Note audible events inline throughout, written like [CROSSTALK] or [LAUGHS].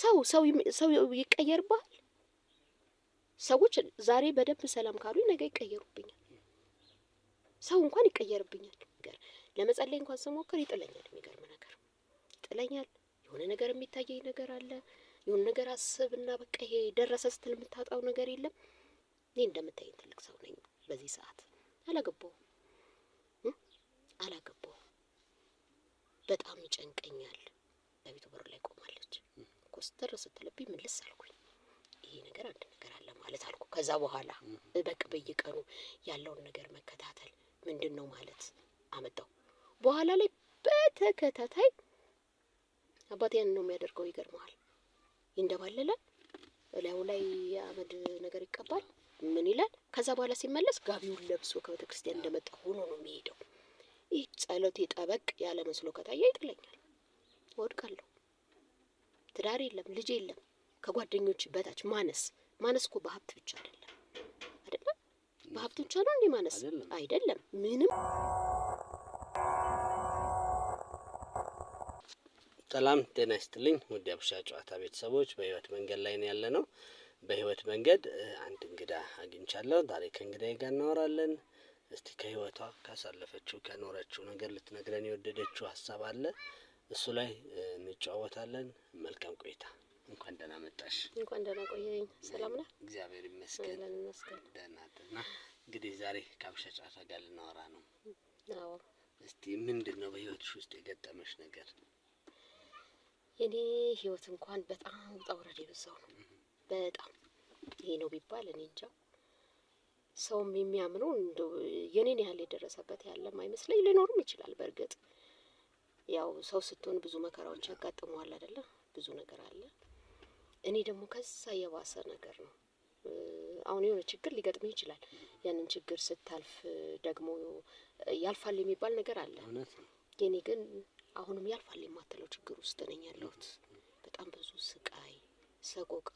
ሰው ሰው ሰው ይቀየርባል። ሰዎች ዛሬ በደንብ ሰላም ካሉ ነገ ይቀየሩብኛል። ሰው እንኳን ይቀየርብኛል። ለመጸለይ እንኳን ስሞክር ይጥለኛል። የሚገርም ነገር ይጥለኛል። የሆነ ነገር የሚታየኝ ነገር አለ። የሆነ ነገር አስብና በቃ ይሄ ደረሰ ስትል የምታጣው ነገር የለም። እኔ እንደምታየኝ ትልቅ ሰው ነኝ። በዚህ ሰዓት አላገባውም አላገባውም። በጣም ይጨንቀኛል። በቤቱ በር ላይ ቆማለች። ኮስተር ስትልብኝ ምልስ አልኩኝ። ይሄ ነገር አንድ ነገር አለ ማለት አልኩ። ከዛ በኋላ በቅ በየቀኑ ያለውን ነገር መከታተል ምንድን ነው ማለት አመጣው። በኋላ ላይ በተከታታይ አባቴ ያንን ነው የሚያደርገው። ይገርመዋል። ይንደባለላል፣ እላዩ ላይ የአመድ ነገር ይቀባል። ምን ይላል? ከዛ በኋላ ሲመለስ ጋቢውን ለብሶ ከቤተ ክርስቲያን እንደመጣ ሆኖ ነው የሚሄደው። ይህ ጸሎቴ ጠበቅ ያለ መስሎ ከታየ ይጥለኛል፣ ወድቃለሁ። ትዳር የለም፣ ልጅ የለም፣ ከጓደኞች በታች ማነስ። ማነስ እኮ በሀብት ብቻ አይደለም አይደለም፣ በሀብት ብቻ ነው እንዴ ማነስ? አይደለም ምንም። ሰላም ጤና ይስጥልኝ ውድ የሀበሻ ጨዋታ ቤተሰቦች፣ በህይወት መንገድ ላይ ነው ያለ ነው። በህይወት መንገድ አንድ እንግዳ አግኝቻለሁ። ዛሬ ከእንግዳ ጋር እናወራለን። እስቲ ከህይወቷ ካሳለፈችው ከኖረችው ነገር ልትነግረን የወደደችው ሀሳብ አለ እሱ ላይ እንጫወታለን። መልካም ቆይታ። እንኳን ደህና መጣሽ። እንኳን ደህና ቆየኝ። ሰላም ነህ? እግዚአብሔር ይመስገን። ደህና ደህና። እንግዲህ ዛሬ ከሀበሻ ጫፋ ጋር ልናወራ ነው። አዎ። እስቲ ምንድን ነው በህይወትሽ ውስጥ የገጠመሽ ነገር? የኔ ህይወት እንኳን በጣም ውጣ ውረድ የበዛው ነው። በጣም ይሄ ነው ቢባል እኔ እንጃ። ሰውም የሚያምነው እንደው የኔን ያህል የደረሰበት ያለም አይመስለኝ። ሊኖርም ይችላል በእርግጥ ያው ሰው ስትሆን ብዙ መከራዎች ያጋጥመዋል አይደለ? ብዙ ነገር አለ። እኔ ደግሞ ከዛ የባሰ ነገር ነው። አሁን የሆነ ችግር ሊገጥምህ ይችላል። ያንን ችግር ስታልፍ ደግሞ ያልፋል የሚባል ነገር አለ። የኔ ግን አሁንም ያልፋል የማትለው ችግር ውስጥ ነኝ ያለሁት። በጣም ብዙ ስቃይ፣ ሰቆቃ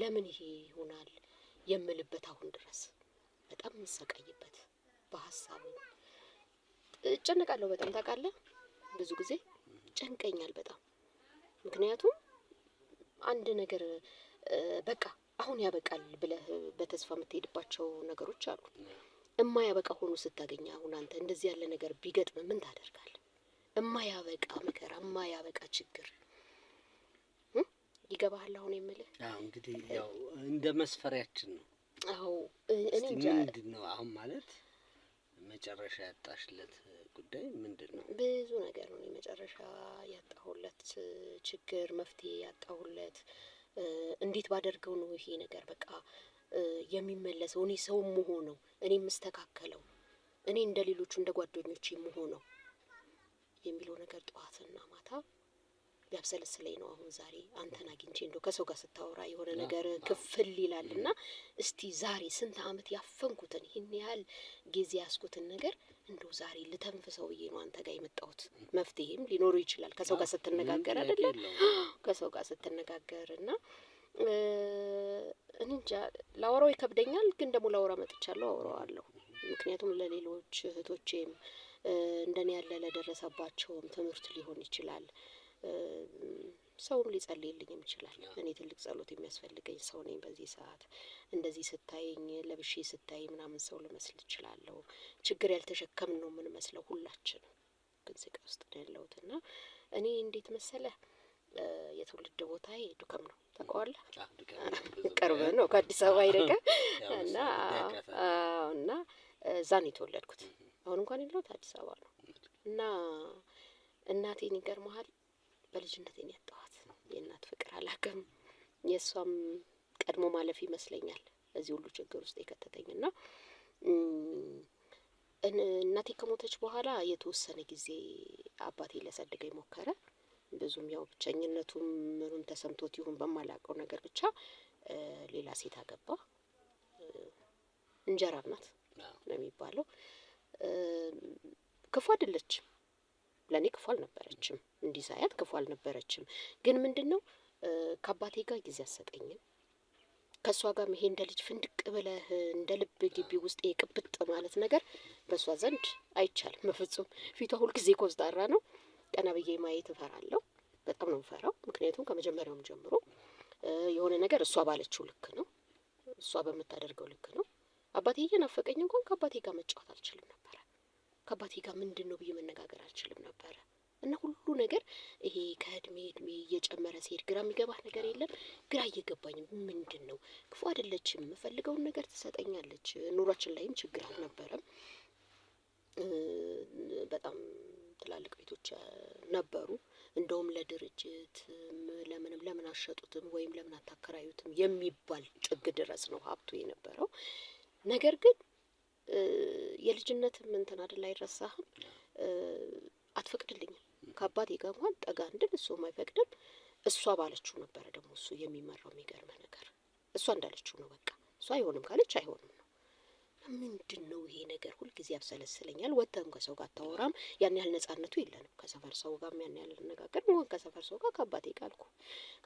ለምን ይሄ ይሆናል የምልበት አሁን ድረስ በጣም የምሰቃይበት በሀሳብ እጨነቃለሁ። በጣም ታውቃለህ ብዙ ጊዜ ጨንቀኛል በጣም ምክንያቱም አንድ ነገር በቃ አሁን ያበቃል ብለህ በተስፋ የምትሄድባቸው ነገሮች አሉ። እማያበቃ ሆኖ ስታገኝ አሁን አንተ እንደዚህ ያለ ነገር ቢገጥም ምን ታደርጋለህ? እማያበቃ መከራ፣ እማያበቃ ችግር ይገባሃል። አሁን የምልህ እንግዲህ ያው እንደ መስፈሪያችን ነው። አዎ እኔ ምንድን ነው አሁን ማለት መጨረሻ ያጣሽለት ጉዳይ ምንድን ነው? ብዙ ነገር ነው። የመጨረሻ ያጣሁለት ችግር መፍትሄ ያጣሁለት እንዴት ባደርገው ነው ይሄ ነገር በቃ የሚመለሰው? እኔ ሰው መሆነው እኔ የምስተካከለው እኔ እንደ ሌሎቹ እንደ ጓደኞቼ መሆነው የሚለው ነገር ጠዋትና ማታ ሊያብሰለስለኝ ነው። አሁን ዛሬ አንተን አግኝቼ እንደው ከሰው ጋር ስታወራ የሆነ ነገር ክፍል ይላል እና እስቲ ዛሬ ስንት አመት ያፈንኩትን ይህን ያህል ጊዜ ያስኩትን ነገር እንደው ዛሬ ልተንፍሰው ብዬ ነው አንተ ጋር የመጣሁት። መፍትሄም ሊኖሩ ይችላል ከሰው ጋር ስትነጋገር አይደለም ከሰው ጋር ስትነጋገር እና እንጃ ላወራው ይከብደኛል፣ ግን ደግሞ ላወራ መጥቻለሁ፣ አወራዋለሁ። ምክንያቱም ለሌሎች እህቶቼም እንደኔ ያለ ለደረሰባቸውም ትምህርት ሊሆን ይችላል። ሰውም ሊጸልይልኝም ይችላል። እኔ ትልቅ ጸሎት የሚያስፈልገኝ ሰው ነኝ። በዚህ ሰዓት እንደዚህ ስታይኝ፣ ለብሼ ስታይ ምናምን ሰው ልመስል እችላለሁ። ችግር ያልተሸከም ነው የምንመስለው ሁላችንም። ግን ስቃ ውስጥ ነው ያለሁት እና እኔ እንዴት መሰለህ የትውልድ ቦታዬ ዱከም ነው ታውቀዋለህ። ቅርብ ነው ከአዲስ አበባ ይደቀ እና እና እዛ ነው የተወለድኩት። አሁን እንኳን የለሁት አዲስ አበባ ነው እና እናቴን ይገርመሃል በልጅነቴን ያጣኋት የእናት ፍቅር አላውቅም። የእሷም ቀድሞ ማለፍ ይመስለኛል እዚህ ሁሉ ችግር ውስጥ የከተተኝ እና እናቴ ከሞተች በኋላ የተወሰነ ጊዜ አባቴ ሊያሳድገኝ ሞከረ። ብዙም ያው ብቸኝነቱም ምኑን ተሰምቶት ይሁን በማላውቀው ነገር ብቻ ሌላ ሴት አገባ። እንጀራ ናት ነው የሚባለው። ክፉ አይደለችም ለእኔ ክፉ አልነበረችም። እንዲህ ሳያት ክፉ አልነበረችም። ግን ምንድን ነው ከአባቴ ጋር ጊዜ አሰጠኝም ከእሷ ጋር ይሄ እንደ ልጅ ፍንድቅ ብለህ እንደ ልብ ግቢ ውስጥ የቅብጥ ቅብጥ ማለት ነገር በእሷ ዘንድ አይቻልም በፍጹም። ፊቷ ሁልጊዜ ኮስጣራ ነው። ቀና ብዬ ማየት እፈራለሁ። በጣም ነው ምፈራው። ምክንያቱም ከመጀመሪያውም ጀምሮ የሆነ ነገር እሷ ባለችው ልክ ነው፣ እሷ በምታደርገው ልክ ነው። አባቴ እየናፈቀኝ እንኳን ከአባቴ ጋር መጫወት አልችልም። ከአባቴ ጋር ምንድን ነው ብዬ መነጋገር አልችልም ነበረ። እና ሁሉ ነገር ይሄ ከእድሜ እድሜ እየጨመረ ሲሄድ ግራ የሚገባ ነገር የለም። ግራ እየገባኝ ምንድን ነው ክፉ አይደለችም፣ የምፈልገውን ነገር ትሰጠኛለች። ኑሯችን ላይም ችግር አልነበረም። በጣም ትላልቅ ቤቶች ነበሩ። እንደውም ለድርጅት ለምንም ለምን አሸጡትም ወይም ለምን አታከራዩትም የሚባል ጥግ ድረስ ነው ሀብቱ የነበረው ነገር ግን የልጅነት እንትን አደል አይረሳህም። አትፈቅድልኝም ከአባቴ ጋር እንኳን ጠጋ እንድል እሱም አይፈቅድም። እሷ ባለችው ነበረ ደግሞ እሱ የሚመራው። የሚገርመ ነገር እሷ እንዳለችው ነው። በቃ እሷ አይሆንም ካለች አይሆንም ነው። ምንድን ነው ይሄ ነገር? ሁልጊዜ ያብሰለስለኛል። ወጥተህም ከሰው ጋር አታወራም። ያን ያህል ነጻነቱ የለንም። ከሰፈር ሰው ጋር ያን ያህል እንነጋገር ሆን ከሰፈር ሰው ጋር ከአባቴ ጋር አልኩ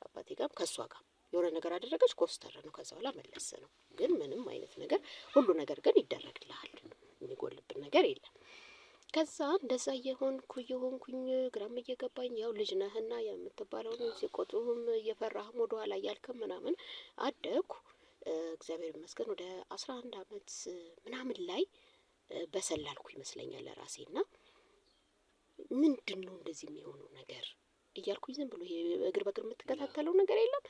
ከአባቴ ጋርም ከእሷ ጋር የሆነ ነገር አደረገች ኮስተር ነው። ከዛ በኋላ መለስ ነው። ግን ምንም አይነት ነገር ሁሉ ነገር ግን ይደረግልሃል። የሚጎልብን ነገር የለም። ከዛ እንደዛ እየሆንኩ እየሆንኩኝ ግራም እየገባኝ ያው ልጅ ነህና የምትባለውን ሲቆጡም እየፈራህም ወደኋላ እያልክም ምናምን አደግኩ። እግዚአብሔር ይመስገን ወደ አስራ አንድ አመት ምናምን ላይ በሰላልኩ ይመስለኛል ለራሴና ምንድን ነው እንደዚህ የሚሆነው ነገር እያልኩኝ ዝም ብሎ ይሄ እግር በእግር የምትከታተለው ነገር የለም።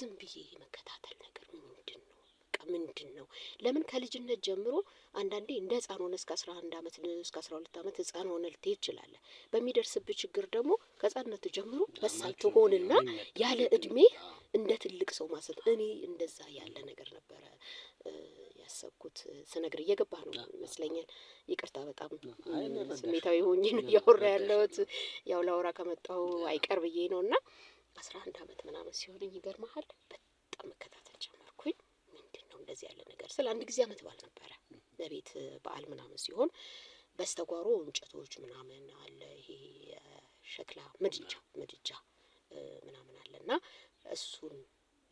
ዝም ብዬ የመከታተል ነገር ምንድን ነው? በቃ ምንድን ነው? ለምን ከልጅነት ጀምሮ አንዳንዴ እንደ ህጻን ሆነ እስከ አስራ አንድ አመት እስከ አስራ ሁለት አመት ህጻን ሆነ ልትሄድ ይችላለ። በሚደርስብህ ችግር ደግሞ ከህጻንነት ጀምሮ በሳል ትሆንና ያለ እድሜ እንደ ትልቅ ሰው ማሰብ እኔ እንደዛ ያለ ነገር ነበረ ያሰብኩት ስነግር እየገባህ ነው ይመስለኛል። ይቅርታ በጣም ስሜታዊ ሆኜ ነው እያወራ ያለሁት። ያው ላወራ ከመጣሁ አይቀር ብዬ ነው እና አስራ አንድ አመት ምናምን ሲሆንኝ ይገርመሃል በጣም መከታተል ጀመርኩኝ። ምንድን ነው እንደዚህ ያለ ነገር ስለ አንድ ጊዜ አመት በዓል ነበረ ለቤት በዓል ምናምን ሲሆን በስተጓሮ እንጨቶች ምናምን አለ ይሄ ሸክላ ምድጃ ምድጃ ምናምን አለ እና እሱን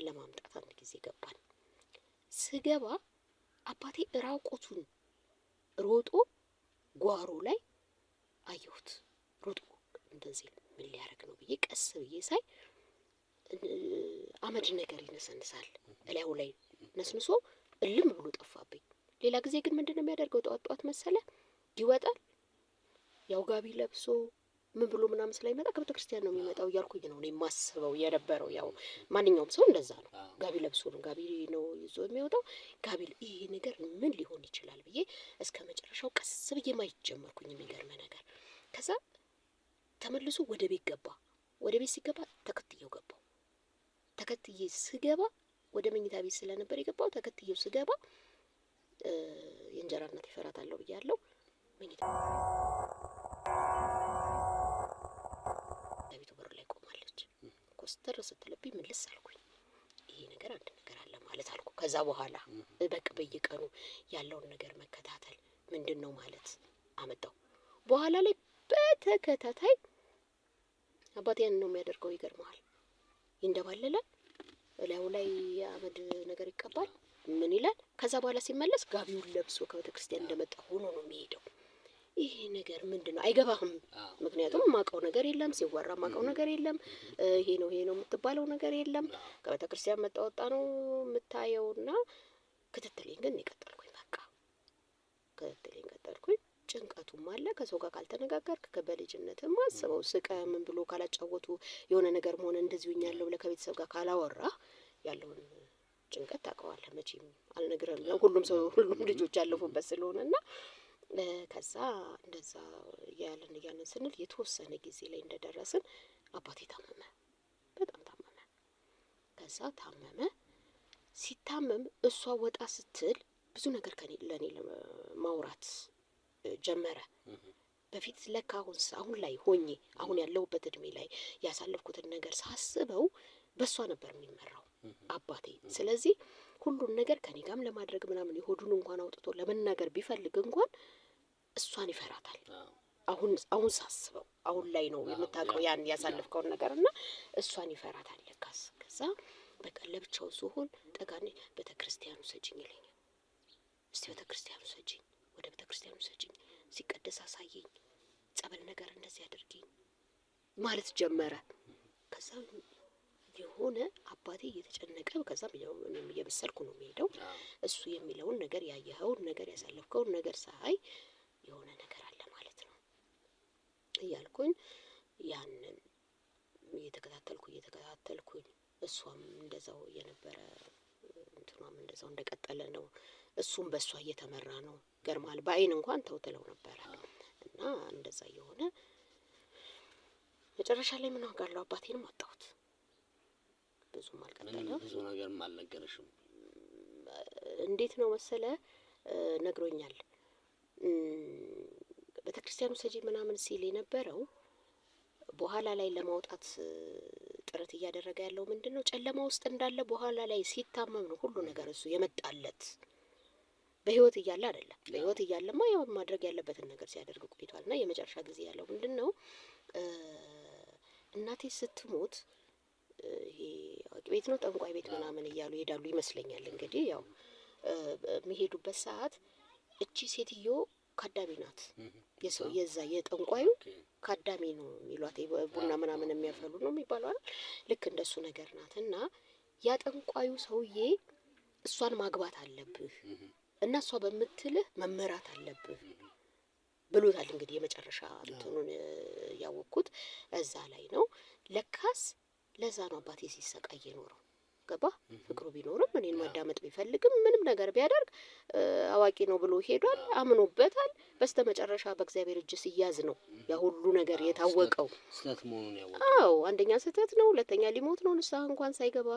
ለማምጣት አንድ ጊዜ ገባል። ስገባ አባቴ ራቁቱን ሮጦ ጓሮ ላይ አየሁት። ሮጦ እንደዚህ ምን ሊያደርግ ነው ብዬ ቀስ ብዬ ሳይ አመድ ነገር ይነሰንሳል እላዩ ላይ ነስንሶ እልም ብሎ ጠፋብኝ። ሌላ ጊዜ ግን ምንድን ነው የሚያደርገው? ጠዋት ጠዋት መሰለ ይወጣል ያው ጋቢ ለብሶ ምን ብሎ ምናምን ስላይመጣ ከቤተ ክርስቲያን ነው የሚመጣው እያልኩኝ ነው የማስበው የነበረው። ያው ማንኛውም ሰው እንደዛ ነው፣ ጋቢ ለብሶ ነው ጋቢ ነው ይዞ የሚወጣው። ጋቢ ይሄ ነገር ምን ሊሆን ይችላል ብዬ እስከ መጨረሻው ቀስ ብዬ ማየት ጀመርኩኝ። ነገር ከዛ ተመልሶ ወደ ቤት ገባ። ወደ ቤት ሲገባ ተከትየው ገባው። ተከትዬ ስገባ ወደ መኝታ ቤት ስለነበር የገባው ተከትየው ስገባ የእንጀራ እናት ይፈራታለሁ ብያለሁ መኝታ ኮስተር ስትልብኝ ምልስ አልኩኝ። ይሄ ነገር አንድ ነገር አለ ማለት አልኩ። ከዛ በኋላ በቅ በየቀኑ ያለውን ነገር መከታተል ምንድን ነው ማለት አመጣው። በኋላ ላይ በተከታታይ አባቴ ያንን ነው የሚያደርገው። ይገርመዋል፣ ይንደባለላል፣ እላዩ ላይ የአመድ ነገር ይቀባል። ምን ይላል? ከዛ በኋላ ሲመለስ ጋቢውን ለብሶ ከቤተ ክርስቲያን እንደመጣ ሆኖ ነው የሚሄደው። ይሄ ነገር ምንድን ነው አይገባህም። ምክንያቱም ማቀው ነገር የለም ሲወራ ማቀው ነገር የለም። ይሄ ነው ይሄ ነው የምትባለው ነገር የለም። ከቤተ ክርስቲያን መጣ ወጣ ነው የምታየውና ክትትሌን ግን የቀጠልኩኝ በቃ ክትትሌን ቀጠልኩኝ። ጭንቀቱም አለ ከሰው ጋር ካልተነጋገርክ በልጅነትም አስበው ስቀ ምን ብሎ ካላጫወቱ የሆነ ነገር መሆነ እንደዚሁኝ ያለው ብለህ ከቤተሰብ ጋር ካላወራ ያለውን ጭንቀት ታውቀዋለህ። መቼም አልነግርህም ሁሉም ሰው ሁሉም ልጆች ያለፉበት ስለሆነ እና ከዛ እንደዛ እያለን እያለን ስንል የተወሰነ ጊዜ ላይ እንደደረስን አባቴ ታመመ፣ በጣም ታመመ። ከዛ ታመመ። ሲታመም እሷ ወጣ ስትል ብዙ ነገር ለእኔ ማውራት ጀመረ። በፊት ለካ አሁን አሁን ላይ ሆኜ አሁን ያለሁበት እድሜ ላይ ያሳለፍኩትን ነገር ሳስበው በእሷ ነበር የሚመራው አባቴ። ስለዚህ ሁሉን ነገር ከኔ ጋም ለማድረግ ምናምን የሆዱን እንኳን አውጥቶ ለመናገር ቢፈልግ እንኳን እሷን ይፈራታል። አሁን አሁን ሳስበው አሁን ላይ ነው የምታውቀው ያን ያሳለፍከውን ነገር እና እሷን ይፈራታል ለካስ። ከዛ በቃ ለብቻው ሲሆን ጠጋኔ ቤተ ክርስቲያኑ ሰጅኝ ይለኛል። እስቲ ቤተ ክርስቲያኑ ሰጅኝ፣ ወደ ቤተ ክርስቲያኑ ሰጅኝ፣ ሲቀደስ አሳየኝ፣ ጸበል ነገር እንደዚህ አድርጊኝ ማለት ጀመረ። ከዛ የሆነ አባቴ እየተጨነቀ ከዛም እየመሰልኩ ነው የሚሄደው እሱ የሚለውን ነገር ያየኸውን ነገር ያሳለፍከውን ነገር ሳይ የሆነ ነገር አለ ማለት ነው እያልኩኝ ያንን እየተከታተልኩ እየተከታተልኩኝ እሷም እንደዛው የነበረ እንትኗም እንደዛው እንደቀጠለ ነው። እሱም በእሷ እየተመራ ነው። ገርማል በአይን እንኳን ተውትለው ነበረ እና እንደዛ የሆነ መጨረሻ ላይ ምን ዋጋለው አባቴንም አጣሁት። ብዙም አልቀጠለም። ብዙ ነገርም አልነገረሽም። እንዴት ነው መሰለ ነግሮኛል ቤተክርስቲያኑ ሰጂ ምናምን ሲል የነበረው በኋላ ላይ ለማውጣት ጥረት እያደረገ ያለው ምንድን ነው? ጨለማ ውስጥ እንዳለ በኋላ ላይ ሲታመም ነው ሁሉ ነገር እሱ የመጣለት በህይወት እያለ አይደለም። በህይወት እያለማ ያው ማድረግ ያለበትን ነገር ሲያደርግ ቆይቷል። እና የመጨረሻ ጊዜ ያለው ምንድን ነው? እናቴ ስትሞት ይሄ ቤት ነው ጠንቋይ ቤት ምናምን እያሉ ይሄዳሉ ይመስለኛል። እንግዲህ ያው የሚሄዱበት ሰዓት እቺ ሴትዮ ካዳሚ ናት። የሰው የዛ የጠንቋዩ ካዳሚ ነው የሚሏት ቡና ምናምን የሚያፈሉ ነው የሚባለው ልክ እንደሱ ነገር ናት። እና ያ ጠንቋዩ ሰውዬ እሷን ማግባት አለብህ እና እሷ በምትልህ መመራት አለብህ ብሎታል። እንግዲህ የመጨረሻ እንትኑን ያወቅኩት እዛ ላይ ነው። ለካስ ለዛ ነው አባቴ ሲሰቃይ የኖረው። ገባ ፍቅሩ ቢኖርም እኔን ማዳመጥ ቢፈልግም ምንም ነገር ቢያደርግ አዋቂ ነው ብሎ ሄዷል። አምኖበታል። በስተ መጨረሻ በእግዚአብሔር እጅ ሲያዝ ነው ያ ሁሉ ነገር የታወቀው። አዎ አንደኛ ስህተት ነው፣ ሁለተኛ ሊሞት ነው። ንስሐ እንኳን ሳይገባ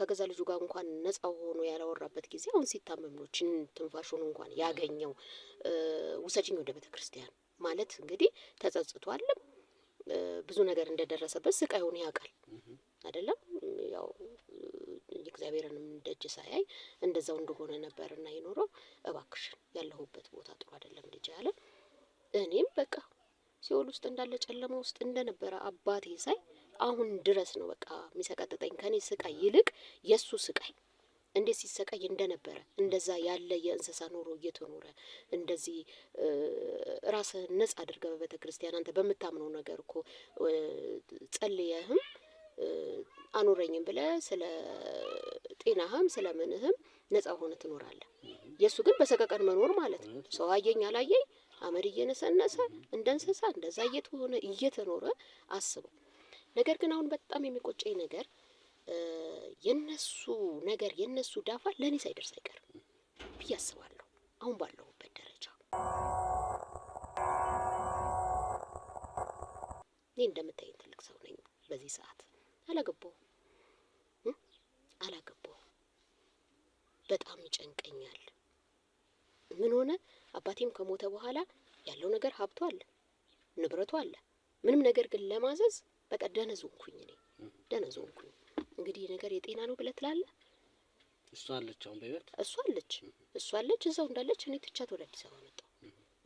ከገዛ ልጁ ጋር እንኳን ነጻ ሆኖ ያላወራበት ጊዜ አሁን ሲታመም ነው ችን ትንፋሹን እንኳን ያገኘው። ውሰጅኝ ወደ ቤተ ክርስቲያን ማለት እንግዲህ ተጸጽቷልም ብዙ ነገር እንደደረሰበት ስቃዩን ያውቃል አይደለም ያው እግዚአብሔርንም እንደጅ ሳያይ እንደዛው እንደሆነ ነበርና የኖረው። እባክሽን ያለሁበት ቦታ ጥሩ አይደለም ልጅ አለ። እኔም በቃ ሲኦል ውስጥ እንዳለ ጨለማ ውስጥ እንደነበረ አባቴ ሳይ አሁን ድረስ ነው በቃ የሚሰቀጥጠኝ። ከኔ ስቃይ ይልቅ የእሱ ስቃይ እንዴት ሲሰቃይ እንደነበረ እንደዛ ያለ የእንስሳ ኑሮ እየተኖረ እንደዚህ ራስህን ነጻ አድርገ በቤተ ክርስቲያን አንተ በምታምነው ነገር እኮ ጸልየህም አኑረኝም ብለ ስለ ጤናህም ስለምንህም ነጻ ሆነ ትኖራለህ። የእሱ ግን በሰቀቀን መኖር ማለት ነው። ሰው አየኝ አላየኝ አመድ እየነሰነሰ እንደ እንስሳ እንደዛ እየተሆነ እየተኖረ አስበው። ነገር ግን አሁን በጣም የሚቆጨኝ ነገር የነሱ ነገር የነሱ ዳፋ ለእኔ ሳይደርስ አይቀርም ብዬ አስባለሁ። አሁን ባለሁበት ደረጃ እኔ እንደምታየኝ ትልቅ ሰው ነኝ። በዚህ ሰዓት አላገባሁም አላገባሁም በጣም ይጨንቀኛል። ምን ሆነ? አባቴም ከሞተ በኋላ ያለው ነገር ሀብቶ አለ፣ ንብረቱ አለ። ምንም ነገር ግን ለማዘዝ በቃ ደነዝ ሆንኩኝ። እኔ ደነዝ ሆንኩኝ። እንግዲህ ነገር የጤና ነው ብለህ ትላለህ። እሷ አለች፣ አሁን በህይወት እሷ አለች፣ እሷ አለች፣ እዛው እንዳለች እኔ ትቻት ወደ አዲስ አበባ መጣሁ።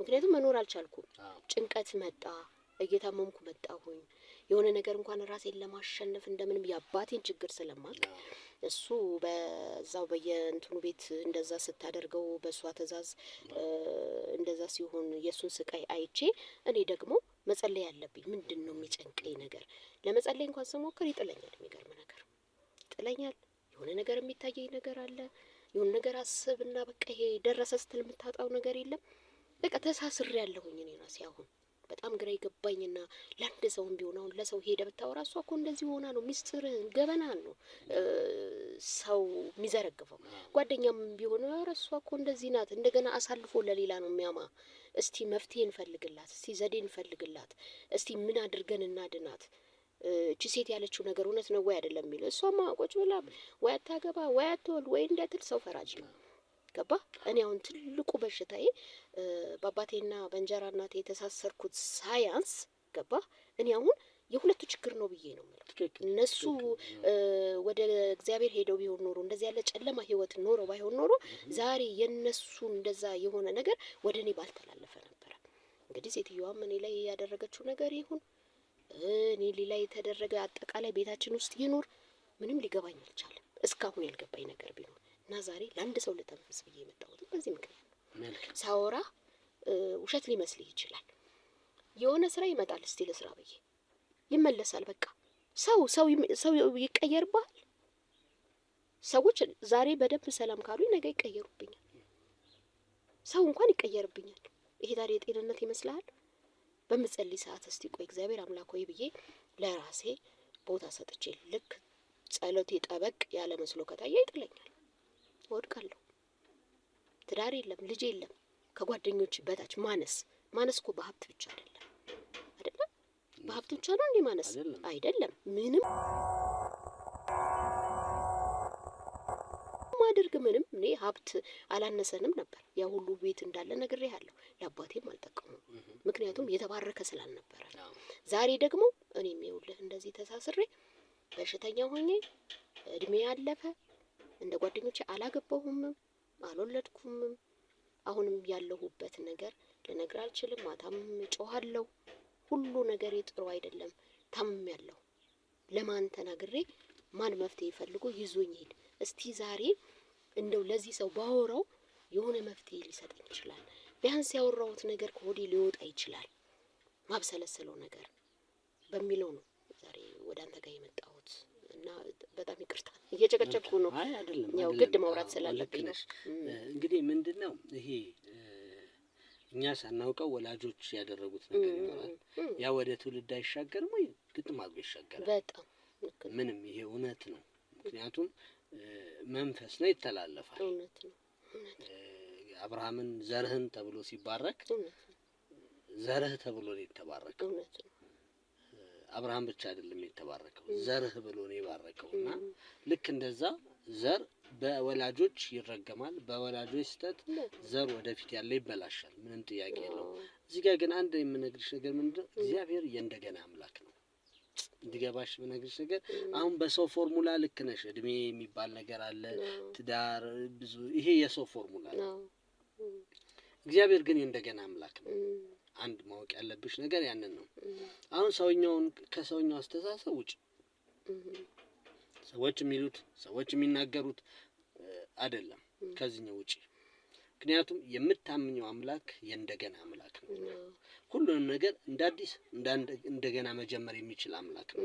ምክንያቱም መኖር አልቻልኩም። ጭንቀት መጣ፣ እየታመምኩ መጣሁኝ። የሆነ ነገር እንኳን ራሴን ለማሸነፍ እንደምንም የአባቴን ችግር ስለማቅ እሱ በዛው በየእንትኑ ቤት እንደዛ ስታደርገው በእሷ ትእዛዝ እንደዛ ሲሆን የእሱን ስቃይ አይቼ እኔ ደግሞ መጸለይ ያለብኝ ምንድን ነው የሚጨንቀኝ ነገር? ለመጸለይ እንኳን ስሞክር ይጥለኛል። የሚገርም ነገር ይጥለኛል። የሆነ ነገር የሚታየኝ ነገር አለ። የሆነ ነገር አስብና በቃ ይሄ ደረሰ ስትል የምታጣው ነገር የለም። በቃ ተሳስሬ ያለሁኝ እኔ ራሴ አሁን በጣም ግራ የገባኝና ለአንድ ሰውም ቢሆን አሁን ለሰው ሄደ ብታወራ እሷ እኮ እንደዚህ ሆና ነው ሚስጥርህን ገበና ነው ሰው የሚዘረግፈው። ጓደኛም ቢሆን ኧረ እሷ እኮ እንደዚህ ናት፣ እንደገና አሳልፎ ለሌላ ነው የሚያማ። እስቲ መፍትሄ እንፈልግላት፣ እስቲ ዘዴ እንፈልግላት፣ እስቲ ምን አድርገን እናድናት። እቺ ሴት ያለችው ነገር እውነት ነው ወይ አይደለም የሚለው እሷማ ቁጭ ብላ ወይ አታገባ ወይ አትወልድ ወይ እንደትል ሰው ፈራጅ ነው። ገባ። እኔ አሁን ትልቁ በሽታዬ በአባቴና በእንጀራ እናቴ የተሳሰርኩት ሳያንስ ገባ። እኔ አሁን የሁለቱ ችግር ነው ብዬ ነው እነሱ ወደ እግዚአብሔር ሄደው ቢሆን ኖሮ እንደዚህ ያለ ጨለማ ህይወት ኖሮ ባይሆን ኖሮ ዛሬ የነሱ እንደዛ የሆነ ነገር ወደ እኔ ባልተላለፈ ነበረ። እንግዲህ ሴትዮዋም እኔ ላይ ያደረገችው ነገር ይሁን እኔ ሌላ የተደረገ አጠቃላይ ቤታችን ውስጥ ይኖር ምንም ሊገባኝ አልቻለም። እስካሁን ያልገባኝ ነገር ቢኖር እና ዛሬ ለአንድ ሰው ልተንፍስ ብዬ የመጣሁት በዚህ ምክንያት ነው። ሳወራ ውሸት ሊመስልህ ይችላል። የሆነ ስራ ይመጣል፣ እስቲ ልስራ ብዬ ይመለሳል። በቃ ሰው ሰው ሰው ይቀየርብሃል። ሰዎች ዛሬ በደንብ ሰላም ካሉ ነገ ይቀየሩብኛል። ሰው እንኳን ይቀየርብኛል። ይሄ ታዲያ የጤንነት ይመስልሃል? በምጸልይ ሰዓት እስቲ ቆይ እግዚአብሔር አምላክ ሆይ ብዬ ለራሴ ቦታ ሰጥቼ ልክ ጸሎቴ ጠበቅ ያለ መስሎ ከታየ ይጥለኛል። ወድቃለሁ። ትዳር የለም፣ ልጅ የለም፣ ከጓደኞች በታች ማነስ። ማነስ እኮ በሀብት ብቻ አይደለም አይደለም፣ በሀብት ብቻ ነው እንዴ ማነስ? አይደለም። ምንም ማድርግ ምንም። እኔ ሀብት አላነሰንም ነበር። ያ ሁሉ ቤት እንዳለ ነግሬሃለሁ። ለአባቴም አልጠቀሙም፣ ምክንያቱም የተባረከ ስላልነበረ። ዛሬ ደግሞ እኔ የሚውልህ እንደዚህ ተሳስሬ በሽተኛ ሆኜ እድሜ ያለፈ እንደ ጓደኞቼ አላገባሁምም፣ አልወለድኩምም። አሁንም ያለሁበት ነገር ልነግር አልችልም። ማታም ጮኋለሁ። ሁሉ ነገር ጥሩ አይደለም። ታምም ያለሁ ለማን ተናግሬ ማን መፍትሄ ፈልጎ ይዞኝ ይሄድ? እስቲ ዛሬ እንደው ለዚህ ሰው ባወራው የሆነ መፍትሄ ሊሰጠኝ ይችላል። ቢያንስ ያወራሁት ነገር ከሆዴ ሊወጣ ይችላል። ማብሰለሰለው ነገር በሚለው ነው ዛሬ ወደ አንተ ጋር የመጣው እና በጣም ይቅርታ እየጨቀጨቅኩ ነው። ያው ግድ ማውራት ስላለብኝ እንግዲህ ምንድን ነው ይሄ እኛ ሳናውቀው ወላጆች ያደረጉት ነገር ይኖራል። ያ ወደ ትውልድ አይሻገርም ወይ ግጥም አድርጎ ይሻገራል። በጣም ምንም ይሄ እውነት ነው። ምክንያቱም መንፈስ ነው ይተላለፋል። አብርሃምን ዘርህን ተብሎ ሲባረክ ዘርህ ተብሎ ነው የተባረከው። አብርሃም ብቻ አይደለም የተባረከው ዘርህ ብሎ ነው የባረከው። እና ልክ እንደዛ ዘር በወላጆች ይረገማል። በወላጆች ስህተት ዘር ወደፊት ያለ ይበላሻል። ምንም ጥያቄ የለው። እዚህ ጋር ግን አንድ የምነግርሽ ነገር ምንድነው፣ እግዚአብሔር የእንደገና አምላክ ነው። እንዲገባሽ የምነግርሽ ነገር አሁን በሰው ፎርሙላ ልክ ነሽ። እድሜ የሚባል ነገር አለ፣ ትዳር፣ ብዙ ይሄ የሰው ፎርሙላ ነው። እግዚአብሔር ግን የእንደገና አምላክ ነው። አንድ ማወቅ ያለብሽ ነገር ያንን ነው። አሁን ሰውኛውን ከሰውኛው አስተሳሰብ ውጭ ሰዎች የሚሉት ሰዎች የሚናገሩት አይደለም ከዚህኛው ውጭ። ምክንያቱም የምታምኘው አምላክ የእንደገና አምላክ ነው። ሁሉንም ነገር እንደ አዲስ እንደገና መጀመር የሚችል አምላክ ነው።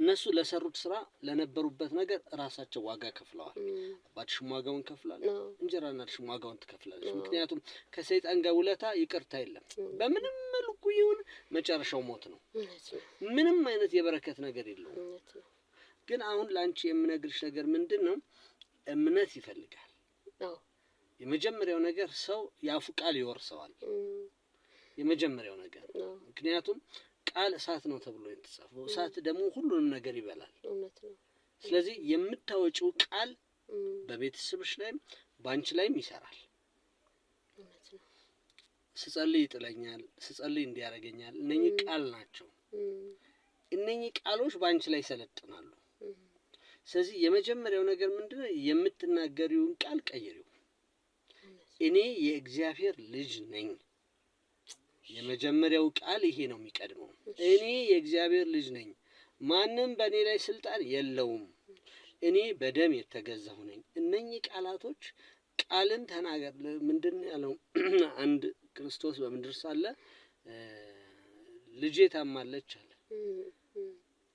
እነሱ ለሰሩት ስራ፣ ለነበሩበት ነገር ራሳቸው ዋጋ ከፍለዋል። አባትሽም ዋጋውን ከፍላል፣ እንጀራ ዋጋውን ትከፍላለች። ምክንያቱም ከሰይጣን ጋር ውለታ ይቅርታ የለም። በምንም መልኩ ይሁን መጨረሻው ሞት ነው። ምንም አይነት የበረከት ነገር የለውም። ግን አሁን ለአንቺ የምነግርሽ ነገር ምንድን ነው? እምነት ይፈልጋል። የመጀመሪያው ነገር ሰው የአፉ ቃል ይወርሰዋል። የመጀመሪያው ነገር። ምክንያቱም ቃል እሳት ነው ተብሎ የተጻፈው፣ እሳት ደግሞ ሁሉንም ነገር ይበላል። ስለዚህ የምታወጪው ቃል በቤተሰብሽ ላይም በአንቺ ላይም ይሰራል። ስጸልይ ይጥለኛል፣ ስጸልይ እንዲያደርገኛል። እነኚህ ቃል ናቸው። እነኚህ ቃሎች በአንቺ ላይ ይሰለጥናሉ። ስለዚህ የመጀመሪያው ነገር ምንድነው? የምትናገሪውን ቃል ቀይሪው። እኔ የእግዚአብሔር ልጅ ነኝ የመጀመሪያው ቃል ይሄ ነው የሚቀድመው። እኔ የእግዚአብሔር ልጅ ነኝ፣ ማንም በእኔ ላይ ስልጣን የለውም፣ እኔ በደም የተገዛሁ ነኝ። እነኚህ ቃላቶች ቃልን ተናገር ምንድን ያለው [CLEARS THROAT] አንድ ክርስቶስ በምድር ሳለ ልጄ ታማለች አለ።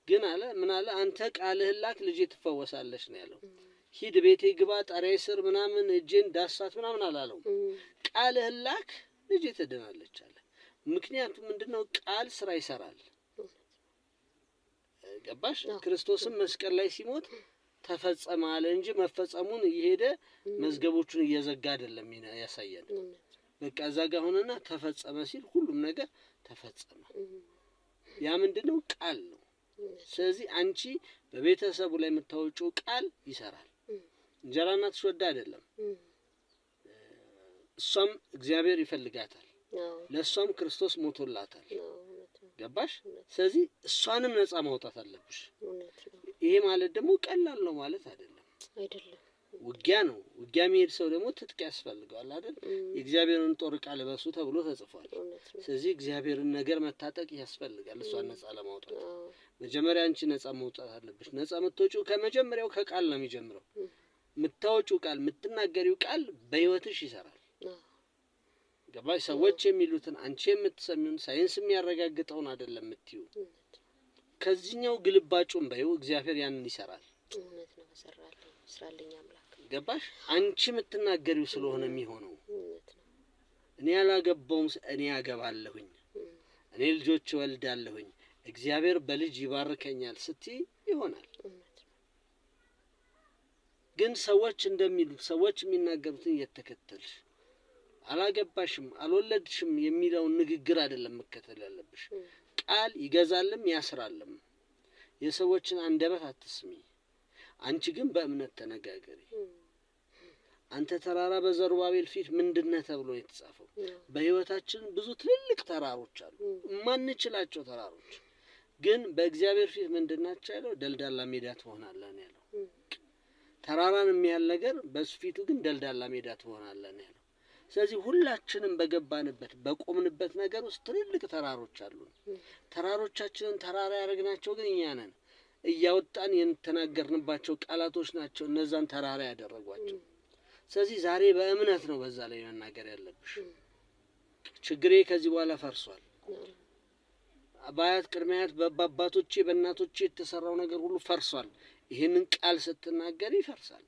ግን አለ ምን አለ አንተ ቃልህ ላክ ልጄ ትፈወሳለች ነው ያለው። ሂድ ቤቴ ግባ፣ ጣሪያ ስር ምናምን እጄን ዳሳት ምናምን አላለው። ቃልህ ላክ ልጄ ትድናለች አለ። ምክንያቱም ምንድነው ቃል ስራ ይሰራል። ገባሽ? ክርስቶስም መስቀል ላይ ሲሞት ተፈጸመ አለ እንጂ መፈጸሙን እየሄደ መዝገቦቹን እየዘጋ አይደለም ያሳየን። በቃ እዛ ጋ ሆነና ተፈጸመ ሲል ሁሉም ነገር ተፈጸመ። ያ ምንድነው ቃል ነው። ስለዚህ አንቺ በቤተሰቡ ላይ የምታወጪው ቃል ይሰራል። እንጀራ እናትሽ ወዳ አይደለም፣ እሷም እግዚአብሔር ይፈልጋታል። ለእሷም ክርስቶስ ሞቶላታል። ገባሽ? ስለዚህ እሷንም ነጻ ማውጣት አለብሽ። ይሄ ማለት ደግሞ ቀላል ነው ማለት አይደለም። ውጊያ ነው። ውጊያ የሚሄድ ሰው ደግሞ ትጥቅ ያስፈልገዋል አይደል? የእግዚአብሔርን ጦር ዕቃ ልበሱ ተብሎ ተጽፏል። ስለዚህ እግዚአብሔርን ነገር መታጠቅ ያስፈልጋል። እሷን ነጻ ለማውጣት መጀመሪያ አንቺ ነጻ መውጣት አለብሽ። ነጻ የምትወጪው ከመጀመሪያው ከቃል ነው የሚጀምረው። የምታወጪው ቃል፣ የምትናገሪው ቃል በህይወትሽ ይሰራል። ገባሽ? ሰዎች የሚሉትን አንቺ የምትሰሚውን ሳይንስ የሚያረጋግጠውን አይደለም የምትዩ። ከዚህኛው ግልባጩን በይው። እግዚአብሔር ያንን ይሰራል። ገባሽ? አንቺ የምትናገሪው ስለሆነ የሚሆነው። እኔ ያላገባውም እኔ ያገባለሁኝ፣ እኔ ልጆች እወልዳለሁኝ፣ እግዚአብሔር በልጅ ይባርከኛል ስትይ ይሆናል። ግን ሰዎች እንደሚሉት ሰዎች የሚናገሩትን እየተከተልሽ አላገባሽም፣ አልወለድሽም የሚለውን ንግግር አይደለም መከተል ያለብሽ። ቃል ይገዛልም ያስራልም። የሰዎችን አንደበት አትስሚ፣ አንቺ ግን በእምነት ተነጋገሪ። አንተ ተራራ በዘሩባቤል ፊት ምንድነህ ተብሎ የተጻፈው? በህይወታችን ብዙ ትልልቅ ተራሮች አሉ፣ የማንችላቸው ተራሮች ግን በእግዚአብሔር ፊት ምንድናቸው ያለው? ደልዳላ ሜዳ ትሆናለን ያለው። ተራራን የሚያል ነገር በሱ ፊቱ ግን ደልዳላ ሜዳ ትሆናለን ያለው። ስለዚህ ሁላችንም በገባንበት በቆምንበት ነገር ውስጥ ትልልቅ ተራሮች አሉ። ተራሮቻችንን ተራራ ያደረግናቸው ግን እኛ ነን። እያወጣን የተናገርንባቸው ቃላቶች ናቸው እነዛን ተራራ ያደረጓቸው። ስለዚህ ዛሬ በእምነት ነው በዛ ላይ መናገር ያለብሽ። ችግሬ ከዚህ በኋላ ፈርሷል። በአያት ቅድሚያት በአባቶቼ በእናቶቼ የተሰራው ነገር ሁሉ ፈርሷል። ይህንን ቃል ስትናገር ይፈርሳል።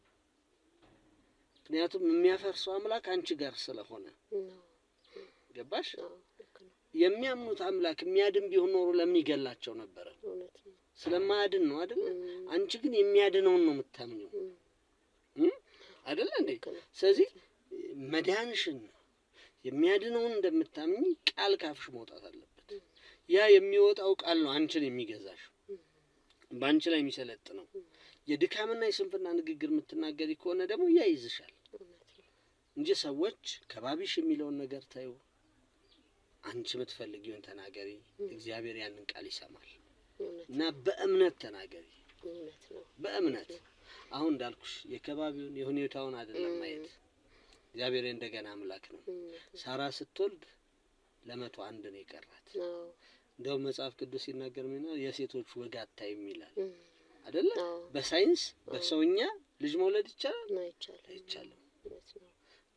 ምክንያቱም የሚያፈርሰው አምላክ አንቺ ጋር ስለሆነ ገባሽ? የሚያምኑት አምላክ የሚያድን ቢሆን ኖሮ ለምን ይገላቸው ነበረ? ስለማያድን ነው አይደለ? አንቺ ግን የሚያድነውን ነው የምታምኘው አይደለ እንዴ? ስለዚህ መዳንሽን የሚያድነውን እንደምታምኝ ቃል ካፍሽ መውጣት አለበት። ያ የሚወጣው ቃል ነው አንቺን የሚገዛሽ በአንቺ ላይ የሚሰለጥ ነው። የድካምና የስንፍና ንግግር የምትናገሪ ከሆነ ደግሞ ያ ይዝሻል። እንጂ ሰዎች ከባቢሽ የሚለውን ነገር ታዩ። አንቺ የምትፈልጊውን ተናገሪ፣ እግዚአብሔር ያንን ቃል ይሰማል እና በእምነት ተናገሪ። በእምነት አሁን እንዳልኩሽ የከባቢውን የሁኔታውን አይደለም ማየት። እግዚአብሔር እንደገና አምላክ ነው። ሳራ ስትወልድ ለመቶ አንድ ነው የቀራት። እንደውም መጽሐፍ ቅዱስ ሲናገር ምን የሴቶች ወግ አታይም ይላል አይደለ? በሳይንስ በሰውኛ ልጅ መውለድ ይቻላል አይቻልም።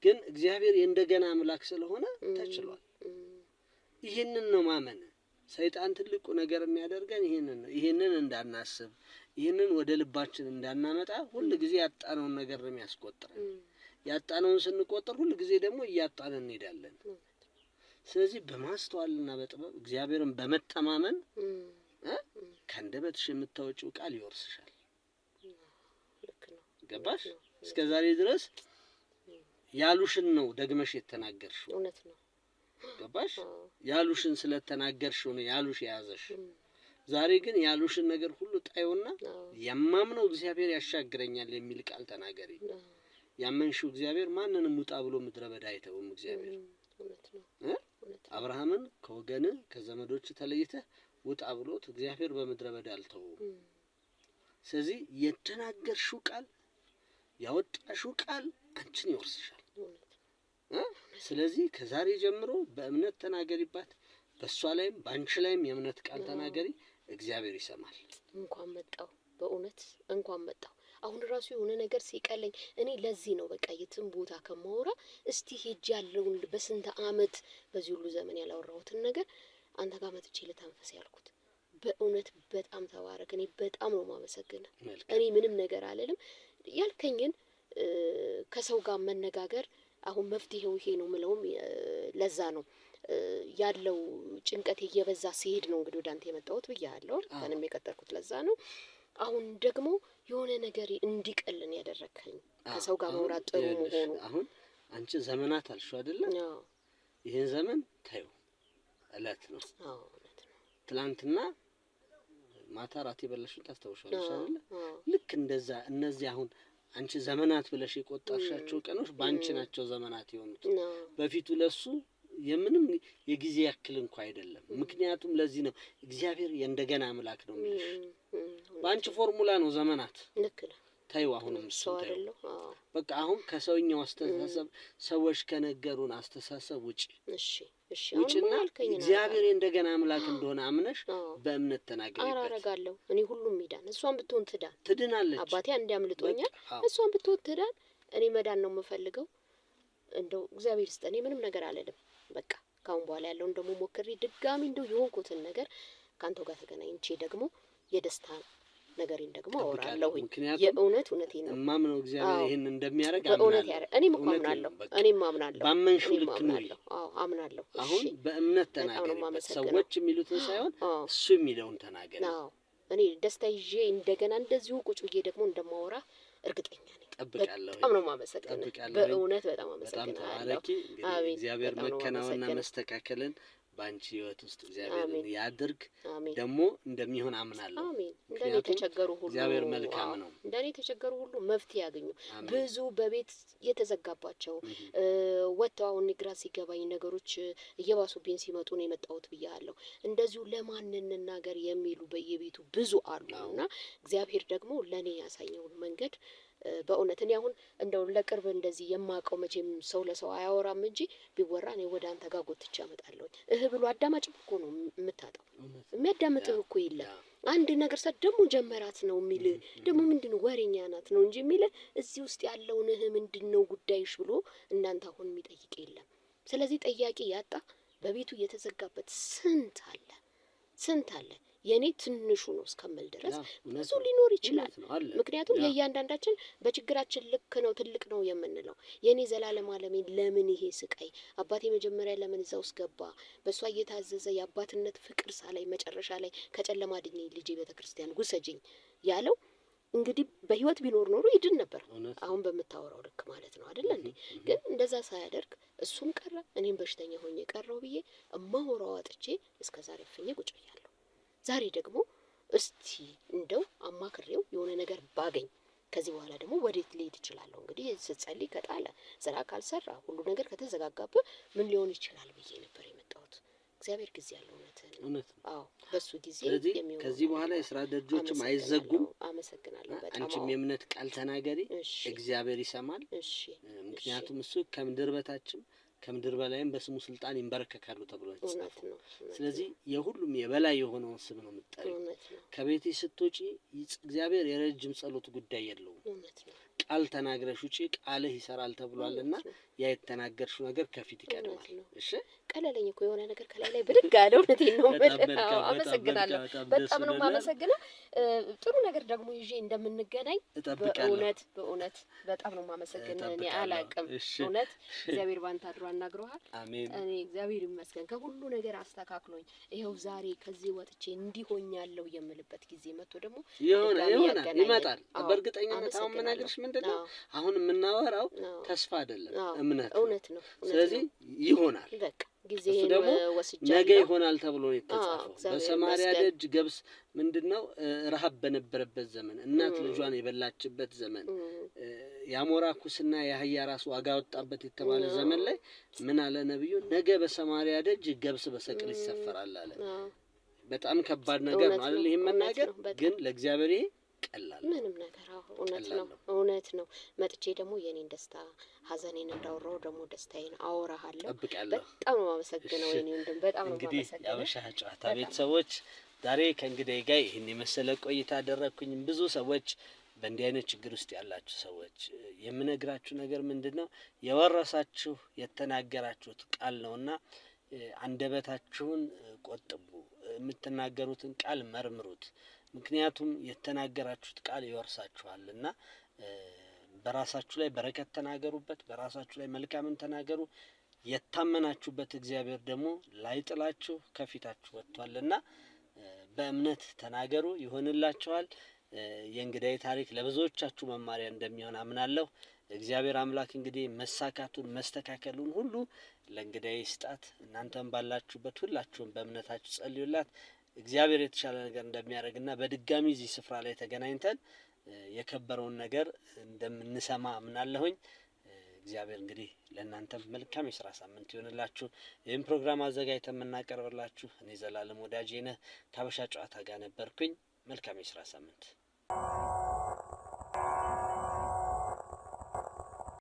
ግን እግዚአብሔር የእንደገና አምላክ ስለሆነ ተችሏል። ይህንን ነው ማመን። ሰይጣን ትልቁ ነገር የሚያደርገን ይህንን ነው። ይህንን እንዳናስብ፣ ይህንን ወደ ልባችን እንዳናመጣ ሁል ጊዜ ያጣነውን ነገር ነው የሚያስቆጥረን። ያጣነውን ስንቆጥር ሁል ጊዜ ደግሞ እያጣን እንሄዳለን። ስለዚህ በማስተዋልና በጥበብ እግዚአብሔርን በመተማመን ከአንደበትሽ የምታወጪው ቃል ይወርስሻል። ገባሽ? እስከ ዛሬ ድረስ ያሉሽን ነው ደግመሽ የተናገርሽው። እውነት ነው ገባሽ? ያሉሽን ስለተናገርሽው ነው ያሉሽ የያዘሽ። ዛሬ ግን ያሉሽን ነገር ሁሉ ጣዩና የማምነው እግዚአብሔር ያሻግረኛል የሚል ቃል ተናገሪ። ያመንሽው እግዚአብሔር ማንንም ውጣ ብሎ ምድረ በዳ አይተውም። እግዚአብሔር አብርሃምን ከወገን ከዘመዶች ተለይተህ ውጣ ብሎት እግዚአብሔር በምድረ በዳ አልተውም። ስለዚህ የተናገርሽው ቃል ያወጣሽው ቃል አንቺን ይወርስሻል። ስለዚህ ከዛሬ ጀምሮ በእምነት ተናገሪባት። በእሷ ላይም በአንቺ ላይም የእምነት ቃል ተናገሪ። እግዚአብሔር ይሰማል። እንኳን መጣው፣ በእውነት እንኳን መጣው። አሁን ራሱ የሆነ ነገር ሲቀለኝ እኔ ለዚህ ነው በቃ የትም ቦታ ከማወራ እስቲ ሄጅ ያለውን በስንት አመት በዚህ ሁሉ ዘመን ያላወራሁትን ነገር አንተ ጋር መጥቼ ልተንፈስ ያልኩት በእውነት በጣም ተባረክ። እኔ በጣም ነው ማመሰግነ። እኔ ምንም ነገር አልልም ያልከኝን ከሰው ጋር መነጋገር አሁን መፍትሄው ይሄ ነው ምለውም ለዛ ነው ያለው ጭንቀት እየበዛ ሲሄድ ነው እንግዲህ ወደ አንተ የመጣሁት ብያለሁ። ከንም የቀጠርኩት ለዛ ነው። አሁን ደግሞ የሆነ ነገር እንዲቀልን ያደረግከኝ ከሰው ጋር መውራት ጥሩ መሆኑ። አሁን አንቺ ዘመናት አልሹ አይደለ? ይህን ዘመን ታዩ እለት ነው። ትላንትና ማታ ራት የበላሽን ታስታውሻለሽ አይደለ? ልክ እንደዛ እነዚህ አሁን አንቺ ዘመናት ብለሽ የቆጠርሻቸው ቀኖች በአንቺ ናቸው ዘመናት የሆኑት። በፊቱ ለሱ የምንም የጊዜ ያክል እንኳ አይደለም። ምክንያቱም ለዚህ ነው እግዚአብሔር የእንደገና አምላክ ነው የሚልሽ። በአንቺ ፎርሙላ ነው ዘመናት ልክ ነው ታዩ አሁንም እሱ በቃ አሁን ከሰውኛው አስተሳሰብ ሰዎች ከነገሩን አስተሳሰብ ውጪ ውጭና እግዚአብሔር እንደገና አምላክ እንደሆነ አምነሽ በእምነት ተናገሪ። አረጋለሁ እኔ ሁሉም ይዳን፣ እሷን ብትሆን ትዳን፣ ትድናለች። አባቴ አንድ ያምልጦኛል፣ እሷን ብትሆን ትዳን። እኔ መዳን ነው የምፈልገው። እንደው እግዚአብሔር ስጥ፣ እኔ ምንም ነገር አልልም። በቃ ካሁን በኋላ ያለውን ደግሞ ሞክሬ ድጋሚ እንደው የሆንኩትን ነገር ከአንተው ጋር ተገናኝቼ ደግሞ የደስታ ነገሬን ደግሞ አወራለሁኝ። የእውነት እውነት ነው የማምነው። እግዚአብሔር ይህን እንደሚያደርግ በእውነት ያረ እኔም አምናለሁ። እኔም አምናለሁ። ባመንሹ ልክ ነው። አምናለሁ። አሁን በእምነት ተናገር። ሰዎች የሚሉትን ሳይሆን እሱ የሚለውን ተናገር። እኔ ደስታ ይዤ እንደገና እንደዚሁ ቁጭ ብዬ ደግሞ እንደማወራ እርግጠኛ ነኝ። በጣም ነው የማመሰግነው። በእውነት በጣም አመሰግናለሁ። አቤት፣ እግዚአብሔር መከናወንና መስተካከልን በአንቺ ህይወት ውስጥ እግዚአብሔር ያድርግ። ደግሞ እንደሚሆን አምናለሁ። አሜን። እንደኔ የተቸገሩ ሁሉ እግዚአብሔር መልካም ነው። እንደኔ የተቸገሩ ሁሉ መፍትሄ ያገኙ። ብዙ በቤት የተዘጋባቸው ወጥተው አሁን ግራ ሲገባኝ ነገሮች እየባሱብኝ ሲመጡ ነው የመጣሁት ብያለሁ። እንደዚሁ ለማን እንናገር የሚሉ በየቤቱ ብዙ አሉ እና እግዚአብሔር ደግሞ ለእኔ ያሳየውን መንገድ በእውነት እኔ አሁን እንደው ለቅርብ እንደዚህ የማውቀው መቼም ሰው ለሰው አያወራም እንጂ ቢወራ እኔ ወደ አንተ ጋር ጎትቼ አመጣለሁ። እህ ብሎ አዳማጭ እኮ ነው የምታጣው። የሚያዳምጥህ እኮ የለም። አንድ ነገር ሰት ደግሞ ጀመራት ነው የሚል ደግሞ ምንድን ወሬኛ ናት ነው እንጂ የሚል እዚህ ውስጥ ያለውን እህ ምንድን ነው ጉዳይሽ ብሎ እናንተ አሁን የሚጠይቅ የለም። ስለዚህ ጠያቂ ያጣ በቤቱ የተዘጋበት ስንት አለ ስንት አለ የእኔ ትንሹ ነው እስከምል ድረስ ብዙ ሊኖር ይችላል። ምክንያቱም የእያንዳንዳችን በችግራችን ልክ ነው ትልቅ ነው የምንለው። የእኔ ዘላለም አለሜን ለምን ይሄ ስቃይ አባቴ መጀመሪያ ለምን እዛ ውስጥ ገባ? በእሷ እየታዘዘ የአባትነት ፍቅር ሳላይ መጨረሻ ላይ ከጨለማ አድኜ ልጄ ቤተ ክርስቲያን ጉሰጅኝ ያለው እንግዲህ በህይወት ቢኖር ኖሩ ይድን ነበር። አሁን በምታወራው ልክ ማለት ነው አደለ እንዴ? ግን እንደዛ ሳያደርግ እሱም ቀረ እኔም በሽተኛ ሆኜ ቀረው ብዬ እማወራው አጥቼ እስከ ዛሬ ፍኜ ቁጭ ብያለሁ። ዛሬ ደግሞ እስቲ እንደው አማክሬው የሆነ ነገር ባገኝ ከዚህ በኋላ ደግሞ ወዴት ሊሄድ እችላለሁ? እንግዲህ ስትጸልይ ከጣለ ስራ ካልሰራ ሁሉ ነገር ከተዘጋጋበ ምን ሊሆን ይችላል ብዬ ነበር የመጣሁት። እግዚአብሔር ጊዜ ያለው እውነት ነው። በሱ ጊዜ ከዚህ በኋላ የስራ ደጆችም አይዘጉም። አመሰግናለሁ። በጣም አንቺም የእምነት ቃል ተናገሪ፣ እግዚአብሔር ይሰማል። ምክንያቱም እሱ ከምድር በታችም ከምድር በላይም በስሙ ስልጣን ይንበረከካሉ ተብሎ የተጻፈው። ስለዚህ የሁሉም የበላይ የሆነውን ስም ነው የምትጠሪው። ከቤት ስትወጪ እግዚአብሔር የረጅም ጸሎት ጉዳይ የለውም። ቃል ተናግረሽ ውጪ ቃልህ ይሰራል ተብሏልና ያ የተናገርሽው ነገር ከፊት ይቀድማል። እሺ ቀለለኝ እኮ የሆነ ነገር ከላይ ላይ ብድግ አለ። እውነቴን ነው። አመሰግናለሁ። በጣም ነው የማመሰግነው። ጥሩ ነገር ደግሞ ይዤ እንደምንገናኝ በእውነት በእውነት በጣም ነው የማመሰግነው። እኔ አላቅም እውነት [LAUGHS] እግዚአብሔር ባንተ አድሮ አናግሮሃል። እኔ እግዚአብሔር ይመስገን ከሁሉ ነገር አስተካክሎኝ ይኸው ዛሬ ከዚህ ወጥቼ እንዲሆኛለሁ የምልበት ጊዜ መጥቶ ደግሞ የሆነ የሆነ ይመጣል በእርግጠኝነት። አሁን የምናገርሽ ምንድን ነው አሁን የምናወራው ተስፋ አይደለም እምነት እውነት ነው። ስለዚህ ይሆናል በቃ ጊዜ ደግሞ ነገ ይሆናል ተብሎ ነው የተጻፈው። በሰማሪያ ደጅ ገብስ ምንድን ነው ረሀብ በነበረበት ዘመን እናት ልጇን የበላችበት ዘመን የአሞራ ኩስና የአህያ ራስ ዋጋ ወጣበት የተባለ ዘመን ላይ ምን አለ ነቢዩ? ነገ በሰማሪያ ደጅ ገብስ በሰቅል ይሰፈራል አለ። በጣም ከባድ ነገር ነው አይደል? ይህም መናገር ግን ለእግዚአብሔር ቀላል ምንም ነገር። እውነት ነው፣ እውነት ነው። መጥቼ ደግሞ የኔን ደስታ ሀዘኔን እንዳወራው ደግሞ ደስታዬን አወራሃለሁ። በጣም ነው ማመሰግነው የኔ ወንድም፣ በጣም እንግዲህ ማመሰግነው። የአበሻ ጨዋታ ቤተሰቦች ዛሬ ከእንግዳዬ ጋር ይህን የመሰለ ቆይታ አደረግኩኝ። ብዙ ሰዎች በእንዲህ አይነት ችግር ውስጥ ያላችሁ ሰዎች የምነግራችሁ ነገር ምንድን ነው የወረሳችሁ የተናገራችሁት ቃል ነው እና አንደበታችሁን ቆጥቡ፣ የምትናገሩትን ቃል መርምሩት። ምክንያቱም የተናገራችሁት ቃል ይወርሳችኋል እና በራሳችሁ ላይ በረከት ተናገሩበት፣ በራሳችሁ ላይ መልካምን ተናገሩ። የታመናችሁበት እግዚአብሔር ደግሞ ላይጥላችሁ ከፊታችሁ እና በእምነት ተናገሩ፣ ይሆንላችኋል። የእንግዳይ ታሪክ ለብዙዎቻችሁ መማሪያ እንደሚሆን አምናለሁ። እግዚአብሔር አምላክ እንግዲህ መሳካቱን መስተካከሉን ሁሉ ለእንግዳይ ስጣት። እናንተም ባላችሁበት ሁላችሁም በእምነታችሁ ጸልዩላት። እግዚአብሔር የተሻለ ነገር እንደሚያደርግና በድጋሚ እዚህ ስፍራ ላይ ተገናኝተን የከበረውን ነገር እንደምንሰማ ምናለሁኝ። እግዚአብሔር እንግዲህ ለእናንተም መልካም የስራ ሳምንት ይሆንላችሁ። ይህም ፕሮግራም አዘጋጅተን የምናቀርብላችሁ እኔ ዘላለም ወዳጄ ነህ ከሀበሻ ጨዋታ ጋር ነበርኩኝ። መልካም የስራ ሳምንት